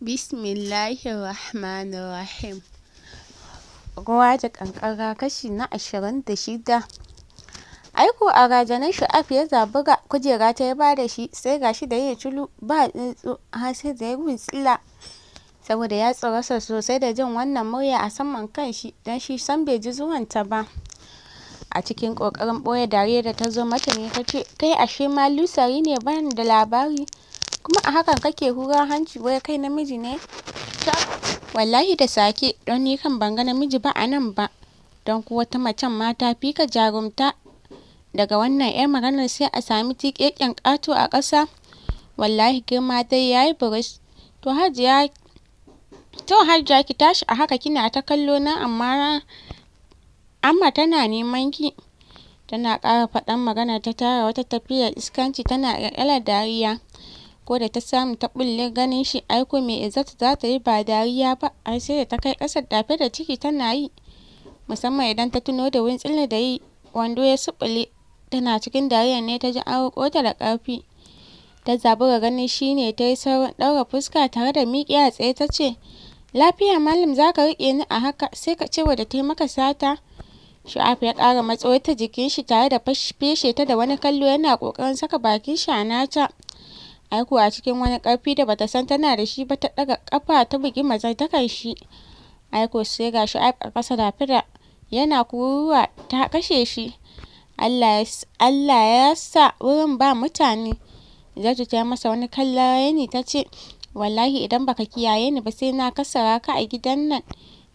Bismillahirrahmanirrahim. Ruwa da ƙanƙara kashi na ashirin da shida. Aiko a rajanar Shu'aib ya zabura kujera ta ya ba da shi sai ga shi da ya culu ba tsuntsu har sai da ya tsila. Saboda ya tsorasa sosai da jin wannan murya a saman kan shi don shi san bai ji zuwan ta ba. a cikin ƙoƙarin ɓoye dariyar da ta zo mata ne ta ce kai ashe ma lusari ne bani da labari kuma a hakan kake hurar hanci wai kai namiji ne? wallahi da sake don ni kan ban ga namiji ba a nan ba, don kuwa ta macen ma ta fi ka jarumta. Daga wannan 'yar maganar sai a sami tiƙeƙen ƙato a ƙasa, wallahi girma dai ya yi buris. To hajiya to hajiya ki tashi a haka kina ta kallo na amma amma tana neman ki. Tana ƙara faɗan magana ta tara wata tafiyar iskanci tana ƙyalƙyalar dariya. ko da ta samu ta bulle ganin shi ai mai me Izzatu za ta yi ba dariya ba ai sai da ta kai kasar dafe da ciki tana yi musamman idan ta tuno da wuntsilin da yi wando ya suɓule tana cikin dariyar ne ta ji an roƙo ta da ƙarfi ta zabura ganin shi ne ta yi saurin ɗaura fuska tare da a tsaye ta ce lafiya malam za ka riƙe ni a haka sai ka ce wa ta maka sata Shu'aib ya ƙara matso ta jikin shi tare da feshe ta da wani kallo yana ƙoƙarin saka bakin shi a nata. ai kuwa cikin wani karfi da bata san tana da shi ba ta ɗaga kafa ta bugi mazantakan shi ai ko sai ga shi a kasa da fira yana kuruwa ta kashe shi Allah ya sa wurin ba mutane za ta masa wani ne ta ce wallahi idan baka kiyaye ni ba sai na kasara ka a gidan nan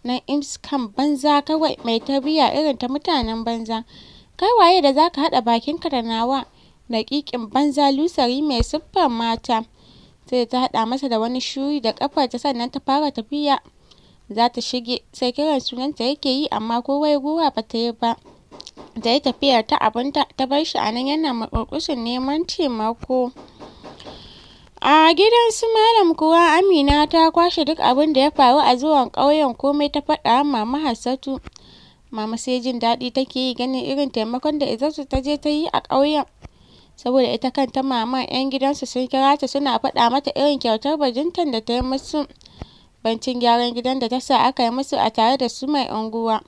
na imskan banza kawai mai tabiya irin ta mutanen banza kai waye da zaka haɗa bakinka da nawa daƙiƙin banza lusari mai siffar mata sai ta haɗa masa da wani shuri da ta sannan ta fara tafiya za ta shige sai kiran sunanta yake yi amma ko ruwa ba ta yi ba ta yi tafiyar ta abinta ta bar shi a nan yana maƙurƙushin neman taimako a gidan su malam kuwa amina ta kwashe duk abin da ya faru a zuwan ƙauyen komai ta faɗa mama hassatu mama sai jin daɗi take yi ganin irin taimakon da izzatu ta je ta yi a ƙauyen saboda ita kanta maman 'yan gidansu sun kira ta suna faɗa mata irin kyautar bajintan da ta yi musu bancin gyaran gidan da ta sa aka yi musu a tare da su mai unguwa.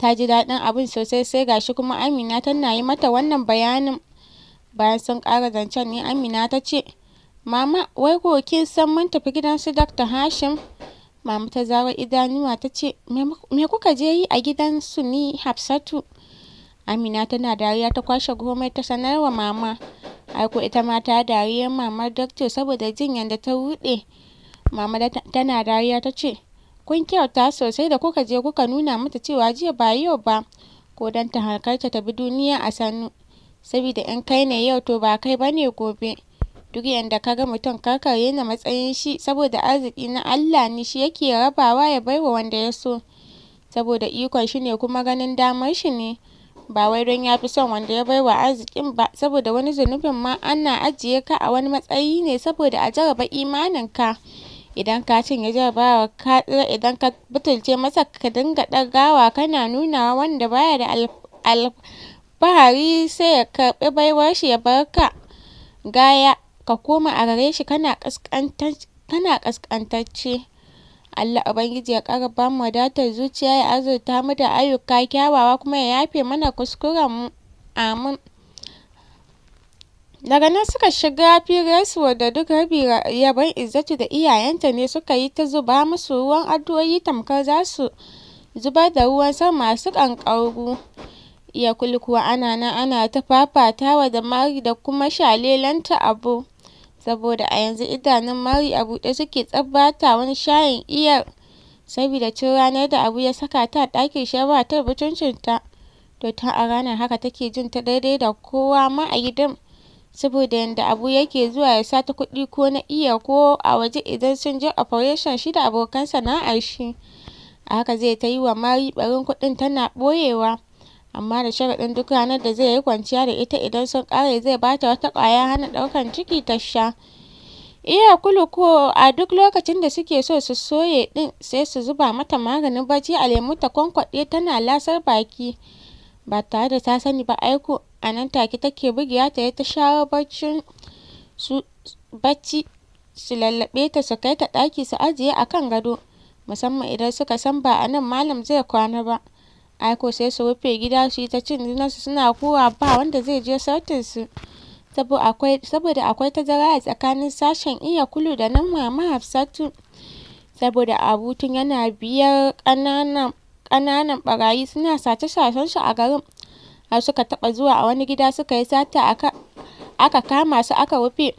Ta ji daɗin abin sosai sai gashi kuma Amina tana yi mata wannan bayanin. Bayan sun ƙara zancen ne Amina ta ce, Mama, wai ko kin san mun tafi gidan su Dr. Hashim? Mama ta zaro idanuwa ta ce, Me kuka je yi a gidan su ni Hafsatu? Amina tana dariya ta kwashe komai ta sanar wa mama. Ai ita ma ta dariyar mamar Doctor saboda jin yadda ta rude. Mama tana dariya ta ce, Kun kyauta sosai da kuka je kuka nuna mata cewa jiya ba yau ba, ko don ta harkarta ta bi duniya a sannu. Saboda in kai ne yau to ba kai bane gobe. Duk yanda ka ga mutum karkar na matsayin shi saboda arziki na Allah ne shi yake rabawa ya baiwa wanda ya so. Saboda ikon shi ne kuma ganin damar shi ne. ba wai don ya fi son wanda ya baiwa arzikin ba saboda wani zunubin ma ana ajiye ka a wani matsayi ne saboda a jarraba imaninka idan ka cinye jarrabawa ka idan ka butulce masa ka dinga ɗagawa kana nunawa wanda baya da alfahari sai ya karɓi baiwar shi ya bar ka gaya ka koma a gare shi kana ƙasƙantacce Allah Ubangiji ya ƙara ba mu wadatar zuciya ya azurta mu da ayyuka kyawawa kuma ya yafe mana kuskuren mu amin daga nan suka shiga firarsu da duk rabi yaban izzatu da iyayenta ne suka yi ta zuba musu ruwan addu'o'i tamkar za su zubar da ruwan sama masu ƙanƙaru ya kulkuwa ana nan ana ta fafatawa da mari da kuma shalelanta abu saboda a yanzu idanun Mari a buɗe suke tsabbata wani shayin iyar, saboda cin ranar da Abu ya saka ta a ɗakin shi ya ba ta mutuncinta to tun a ranar haka take jin ta daidai da kowa ma a gidan saboda yanda Abu yake zuwa ya sata kuɗi ko na iya ko a waje idan sun je operation shi da abokan sana'ar shi a haka zai ta yi wa Mari ɓarin kuɗin tana ɓoyewa amma da sharaɗin duk ranar da zai yi kwanciya da ita idan sun ƙare zai ba ta wata ƙwaya hana ɗaukan ciki ta sha. Iya kuluku a duk lokacin da suke so su soye ɗin sai su zuba mata maganin bacci a lemu ta kwankwaɗe tana lasar baki ba tare da ta sani ba aiko a nan take take bugiya ta yi ta shawo su bacci su lallaɓe ta su kai ta ɗaki su ajiye a kan gado musamman idan suka san ba a nan malam zai kwana ba. aiko sai su rufe gida su ta cin junansu suna kowa ba wanda zai je sautinsu saboda akwai tazara a tsakanin sashen iya kulu da nan mama hafsatu saboda abutun yana biyar ƙananan barayi ɓarayi suna sace sashen shi a garin har suka taɓa zuwa a wani gida suka yi sata aka kama su aka rufe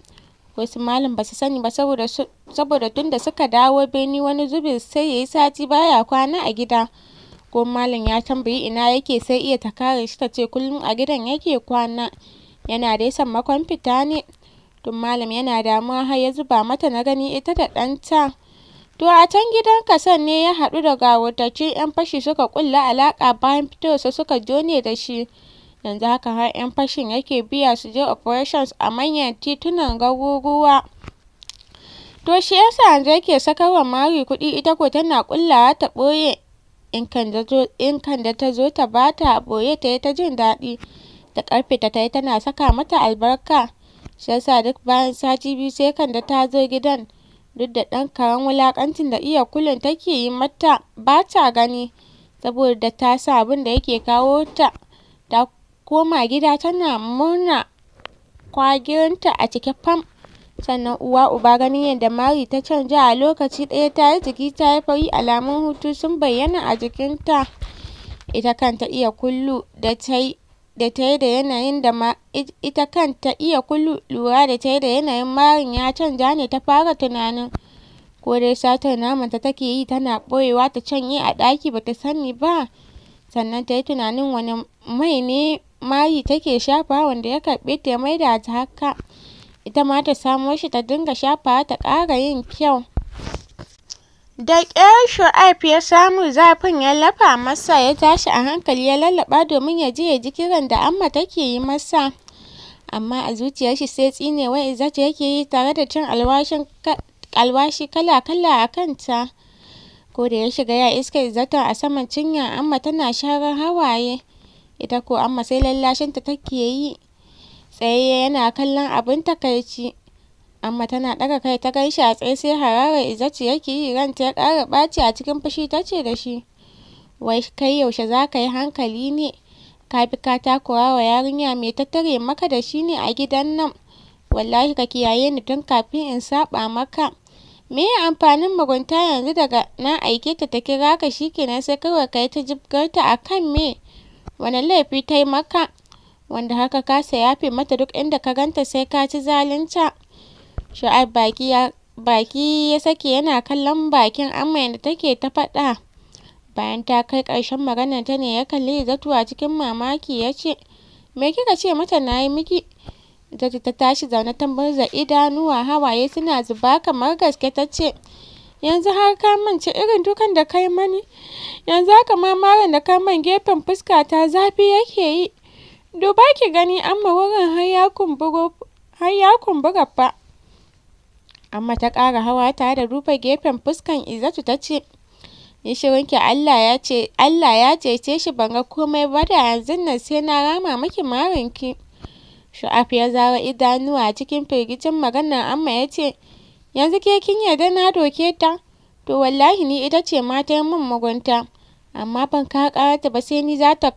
wasu malam ba su sani ba saboda tun da suka dawo bene wani zubin sai ya yi sati baya kwana a gida ko malam ya tambayi ina yake sai iya ta kare shi ta ce kullum a gidan yake kwana yana dai makon fita ne tun malam yana damuwa har ya zuba mata na gani ita da ɗanta to a can gidan kasan ne ya haɗu da gawurtaci 'yan fashi suka kulla alaka bayan fitowarsa suka jone da shi yanzu haka har 'yan fashin yake biya su je operations a manyan titunan garuruwa to shi yasa yanzu yake sakarwa mari kuɗi ita ko tana kullawa ta ɓoye in kan da ta zo ta ba ta boye ta yi ta jin daɗi da ƙarfe ta ta yi tana saka mata albarka shi sa duk bayan sati biyu sai Kande ta zo gidan duk da ɗan karen wulaƙancin da iya kullum take yi mata ba ta gani saboda ta sa abin da yake kawo ta ta koma gida tana murna kwagirinta a cikin fam sannan uwa uba ganin yadda Mari ta canja a lokaci ɗaya ta yi jiki ta yi fari alamun hutu sun bayyana a jikinta ita kanta iya kullu da ta yi da ta yi da yanayin da ma ita kanta iya kullu lura da ta yi da yanayin Marin ya canja ne ta fara tunanin ko dai satar naman ta take yi tana ɓoyewa ta canye a ɗaki ba ta sani ba sannan ta yi tunanin wani mai ne Mari take shafa wanda ya karɓe ta ya maida ta haka ita ma ta samo shi ta dinga shafawa ta ƙara yin kyau. Da ƙyar Shu'aib ya samu zafin ya lafa masa ya tashi a hankali ya lallaɓa domin ya je ya ji kiran da Amma take yi masa. Amma a zuciyar shi sai tsinewa izata yake yi tare da cin alwashi kala-kala a kanta. Ko da ya shiga ya iska izata a saman cinya Amma tana sharar hawaye. Ita ko Amma sai lallashinta take yi. tsaye yana kallon abin takaici. Amma tana ɗaga kai ta gan shi a tsaye sai hararar Izzatu yake yi ranta ya ƙara ɓaci a cikin fushi ta ce da shi. Wai kai yaushe za ka yi hankali ne? Ka fi ka takura wa yarinya mai tattare maka da shi ne a gidan nan. Wallahi ka kiyaye ni tun kafin in saɓa maka. Me ya amfanin mugunta yanzu daga na aike ta ta kira ka shikenan sai kawai ka yi ta jibgarta a kan me? wani laifi ta yi maka? wanda haka ka kasa yafe mata duk inda ka ganta sai ka ci zalunta sha'ab baki ya baki ya sake yana kallon bakin amma da take ta faɗa bayan ta kai ƙarshen maganar ta ne ya kalli zatuwa cikin mamaki ya ce me kika ce mata na yi miki Izzatu ta tashi zaune ta murza idanuwa hawaye suna zuba kamar gaske ta ce yanzu har ka mance irin dukan da kai mani yanzu haka ma maran da ka man gefen fuska ta zafi yake yi Duba ki gani Amma wurin har ya kumbura fa. Amma ta ƙara hawa ta da rufe gefen fuskan Izzatu ta ce, shirin ki Allah ya cece shi ban ga komai ba da yanzu nan sai na rama miki marinki. Shu'af ya zara idanuwa cikin firgicin maganar Amma ya ce, Yanzu ke kin yarda na doke ta? To wallahi ni ita ce mata ta yi min mugunta, amma ban ka ƙarata ba sai ni za ta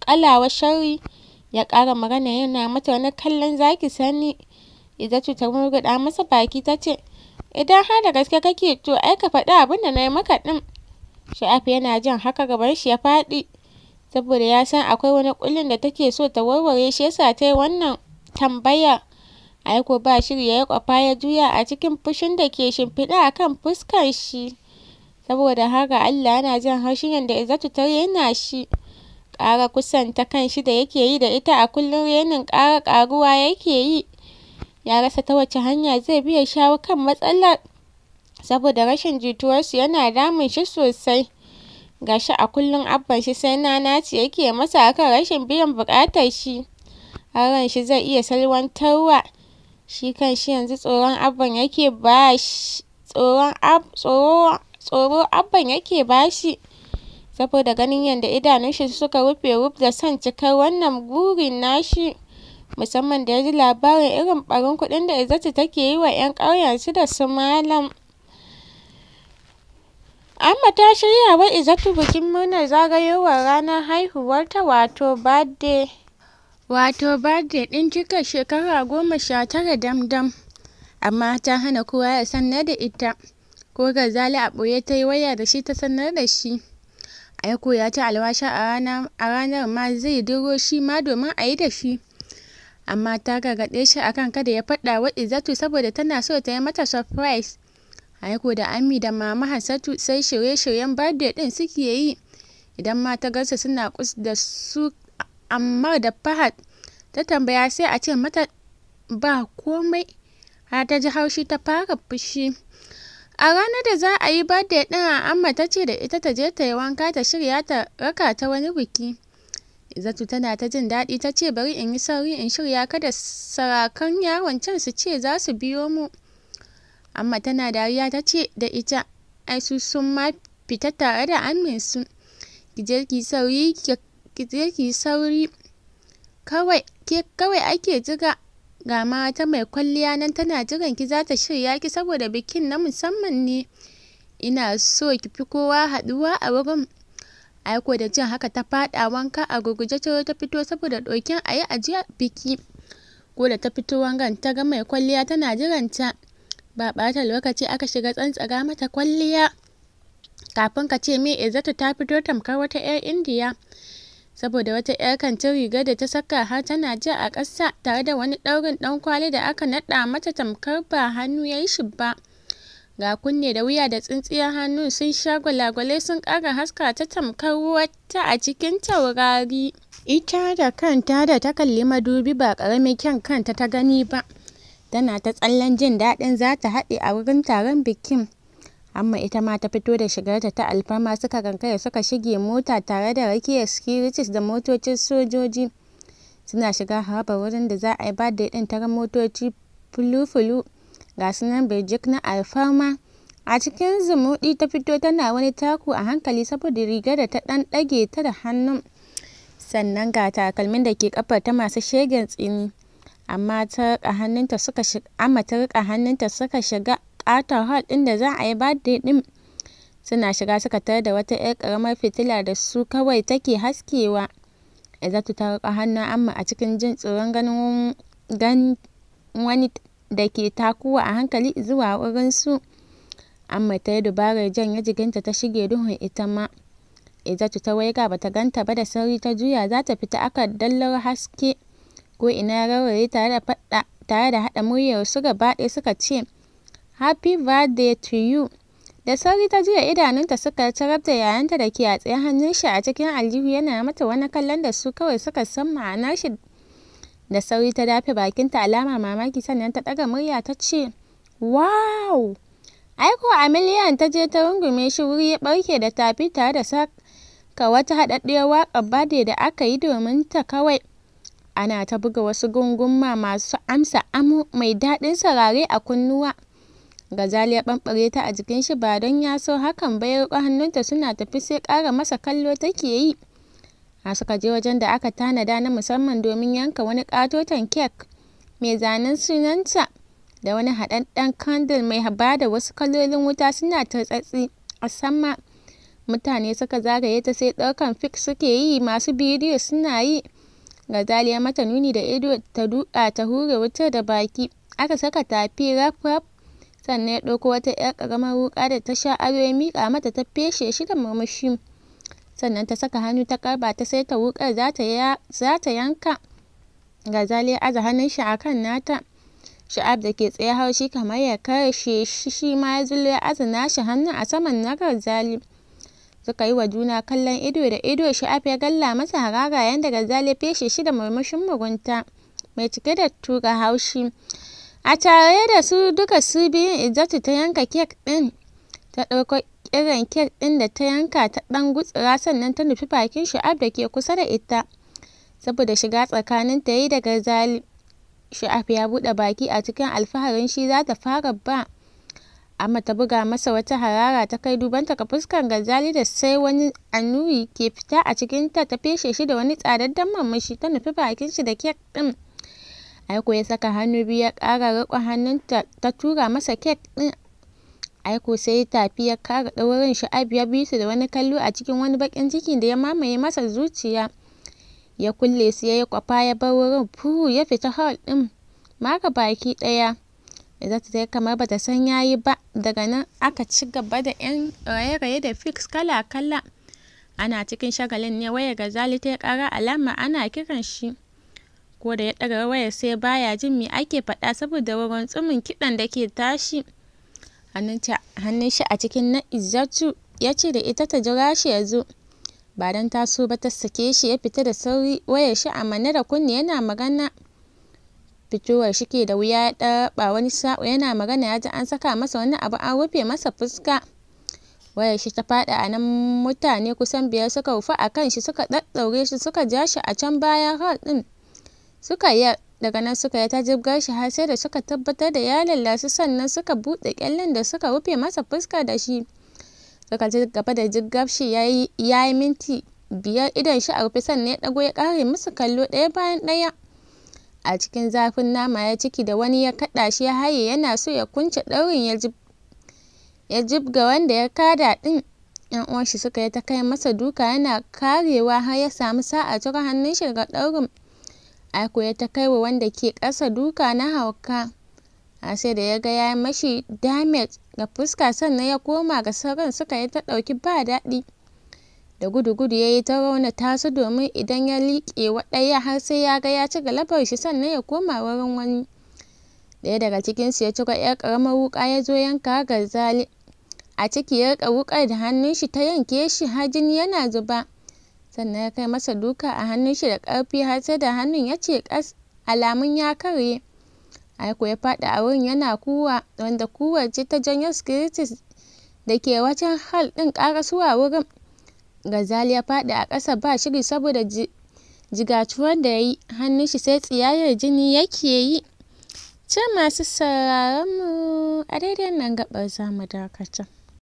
ƙalawa sharri. ya ƙara magana yana mata wani kallon zaki sani Izzatu ta murguɗa masa baki ta ce idan har da gaske kake to ai ka faɗi abin da na yi maka ɗin sha'af yana jin haka gaban shi ya faɗi saboda ya san akwai wani ƙullin da take so ta warware shi yasa ta yi wannan tambaya aiko ba shiri ya kwafa ya juya a cikin fushin da ke shimfiɗa a kan fuskar shi saboda haka Allah yana jin haushin da izatu ta yana shi ƙara kusanta kanshi da yake yi da ita a kullum renin ƙara ƙaruwa yake yi ya rasa ta wace hanya zai biya shawo kan matsalar saboda rashin jituwarsu yana damun shi sosai gashi a kullum abban shi sai na nanaci yake masa akan rashin biyan buƙatar shi har shi zai iya salwantarwa shi kan shi yanzu tsoron abban yake ba shi tsoron abban yake ba shi saboda ganin yadda idanun shi suka rufe ruf da son cikar wannan burin nashi musamman da ya ji labarin irin barin kuɗin da Izzatu take yi wa 'yan ƙauyen su da su malam. Amma ta shirya wa Izzatu bikin murnar zagayowar ranar haihuwar ta wato Ba'de. Wato birthday ɗin cika shekara goma sha tara dam Amma ta hana kowa ya sanar da ita. Ko Gazali a ɓoye ta yi waya da shi ta sanar da shi. Aiko ya ci alwashi a ranar ma zai diro shi ma domin a yi da shi, amma ta gargaɗe shi a kan kada ya faɗa wa Izzatu saboda tana so ta yi mata surprise Aiko da ami da Mama hassatu sai shirye-shiryen birthday ɗin suke yi, idan ma ta gansu suna kus da su Ammar da Fahad, ta tambaya sai a ce mata ba komai, har ta ji haushi ta fara fushi. A ranar da za a yi birthday din Amma ta ce da ita ta je ta yi wanka ta shirya ta raka ta wani biki. Izzatu tana ta jin daɗi ta ce bari in yi sauri in shirya kada sarakan yaron can su ce za su biyo mu. Amma tana dariya ta ce da ita ai su sun ma fita tare da amin su. Ki ki sauri kawai kawai ake jiga Ga ma wata mai kwalliya nan tana jiran ki ta shirya ki saboda bikin na musamman ne, ina so ki fi kowa haduwa a wurin." aiko da jin haka ta fada wanka a gurguje ta ta fito saboda dokin a yi a biki. Ko da ta fito wangan ta ga mai kwalliya tana jiranta, ba ɓata lokaci aka shiga tsantsara mata kwalliya. Kafin ka ce me Izzatu ta fito tamkar wata 'yar Indiya. saboda wata 'yar kantin rigar da ta saka har tana ji a ƙasa tare da wani ɗaurin ɗan kwali da aka naɗa mata tamkar ba hannu ya yi shi ba. Ga kunne da wuya da tsintsiyar hannu sun sha gwalagwalai sun ƙara haska ta tamkar wata a cikin taurari. Ita da kanta da ta kalli madubi ba ƙaramin kyan kanta ta gani ba. Tana ta tsallen jin daɗin za ta haɗe a wurin taron bikin. amma ita ma ta fito da shigarta ta alfarma suka rankaya suka shige mota tare da rakiyar securities da motocin sojoji suna shiga harbar wurin da za a yi da din tara motoci fulu-fulu ga sunan birjik na alfarma a cikin zumuɗi ta fito tana wani taku a hankali saboda rigar da ta ɗan ɗage ta da hannun sannan ga takalmin da ke kafar ta masu shegen tsini amma ta hannunta suka shiga amma ta rika hannunta suka shiga buƙatar hall ɗin da za a yi birthday ɗin suna shiga suka tare da wata 'yar ƙaramar fitila da su kawai take haskewa. zata ta riƙa hannun Amma a cikin jin tsoron ganin wani da ke takuwa a hankali zuwa wurin su Amma ta yi dabarar janye jikinta ta shige duhun ita ma. Izzatu ta waiga ba ta ganta ba da sauri ta juya za ta fita aka dallar haske ko ina ya faɗa tare da haɗa muryar su gaba ɗaya suka ce Happy Birthday to you. Da sauri ta juya idanunta suka tarar da yayanta da ke a tsaye hannun shi a cikin aljihu yana mata wani kallon da su kawai suka san ma'anar shi. Da sauri ta dafe bakinta alama mamaki sannan ta ɗaga murya ta ce, Wow! Aiko a miliyan ta je ta rungume shi wuri ya ɓarke da tafi tare da saka wata haɗaɗɗiyar waƙar bade da aka yi domin ta kawai. Ana ta buga wasu gungunma masu amsa amo mai daɗin sarare a kunnuwa. gazaliya ya bambare ta a jikin shi ba don ya so hakan ba ya hannunta suna tafi sai kara masa kallo take yi. A suka je wajen da aka tanada na musamman domin yanka wani ƙatoton kek mai zanen sunanta da wani haɗaɗɗen kandil mai ba da wasu kalolin wuta suna tsatsi a sama. Mutane suka zagaye ta sai ɗaukan fik suke yi masu bidiyo suna yi. gazaliya ya mata nuni da ido ta duka ta hure wuta da baki. Aka saka tafi rap rap sannan ya ɗauko wata 'yar ƙaramar wuƙa da ta sha ado ya miƙa mata ta feshe shi da murmushi sannan ta saka hannu ta karba ta saita wuƙar za ta yanka ga zali ya aza hannun shi akan nata sha'ab da ke tsaye haushi kamar ya karshe shi ma ya zullo ya aza nashi hannun a saman na zali suka yi wa juna kallon ido da ido sha'ab ya galla masa harara da gazali ya feshe shi da murmushin mugunta mai cike da tura haushi A tare da su duka su biyun Izzatu ta yanka kek din ta ɗauko irin kek din da ta yanka ta ɗan gutsira sannan ta nufi bakin Shu'aib da ke kusa da ita. Saboda shiga tsakanin ta yi da Garzali. Shu'aib ya bude baki a cikin alfaharin shi za ta fara ba. Amma ta buga masa wata harara ta kai dubanta ka fuskan gazali da sai wani annuri ke fita a cikin ta ta feshe shi da wani tsadaddan mamashi ta nufi bakin shi da kek din. Aiko ya saka hannu biyu ya ƙara riƙon hannunta ta tura masa kek ɗin. Aiko sai tafi ya kara ɗaurin Shu'aibu ya bi su da wani kallo a cikin wani baƙin ciki da ya mamaye masa zuciya. Ya kulle su ya yi kwafa ya bar wurin fuhu ya fita hall ɗin mara baki ɗaya. zata ta kamar bata san yayi ba daga nan aka ci gaba da 'yan raye-raye da fix kala-kala. Ana cikin shagalin ne ga zali ta yi ƙara alama ana kiran shi. ko da ya ɗaga wayar sai baya jin me ake faɗa saboda wawan tsumin kiɗan da ke tashi hannun shi a cikin na Izzatu ya ce da ita ta jira shi ya zo ba don taso ba ta sake shi ya fita da sauri wayar shi a manne da kunne yana magana fitowar shi ke da wuya ya ɗaba wani sa'o yana magana ya ji an saka masa wani abu an rufe masa fuska wayar shi ta faɗa a nan mutane kusan biyar suka rufe a kan shi suka ɗaɗɗaure shi suka ja shi a can baya hall ɗin suka yi daga nan suka yi ta jibga shi har sai da suka tabbatar da ya lallasu sannan suka buɗe ƙyallen da suka rufe masa fuska da shi. Suka ci gaba da jibgar shi ya yi minti biyar idon shi a rufe sannan ya ɗago ya ƙare musu kallo ɗaya bayan ɗaya. A cikin zafin nama ya ciki da wani ya kaɗa shi ya haye yana so ya kunce ɗaurin ya jibga wanda ya kada ɗin. ‘Yan shi suka yi ta kai masa duka yana karewa har ya samu sa'a cire hannun shi daga ɗaurin. Aiko ya ta kaiwa wanda ke ƙasa duka na hauka a sai da ya ga ya mashi damage ga fuska sannan ya koma ga sauran suka yi ta ɗauki ba daɗi. Da gudu-gudu ya yi ta rauna su domin idan ya liƙe wa ɗaya har sai ya ga ya ci galabar shi sannan ya koma wurin wani. Ɗaya daga cikinsu ya ciro 'yar ƙaramar wuƙa ya zo yanka Garzali. A ciki ya riƙa wuƙar da hannun shi ta yanke shi har jini yana zuba. sannan ya kai masa duka a hannun shi da ƙarfi har sai da hannun ya ce alamun ya karye aiko ya faɗi a wurin yana kuwa wanda kuwar ce ta janyo skiritis da ke wajen hal ɗin ƙarasuwa wurin gazali ya faɗi a ƙasa ba shiri saboda jigatuwar da ya yi hannun shi sai tsiyayar jini yake yi can masu sauraron mu a daidai nan gaɓar zamu dakata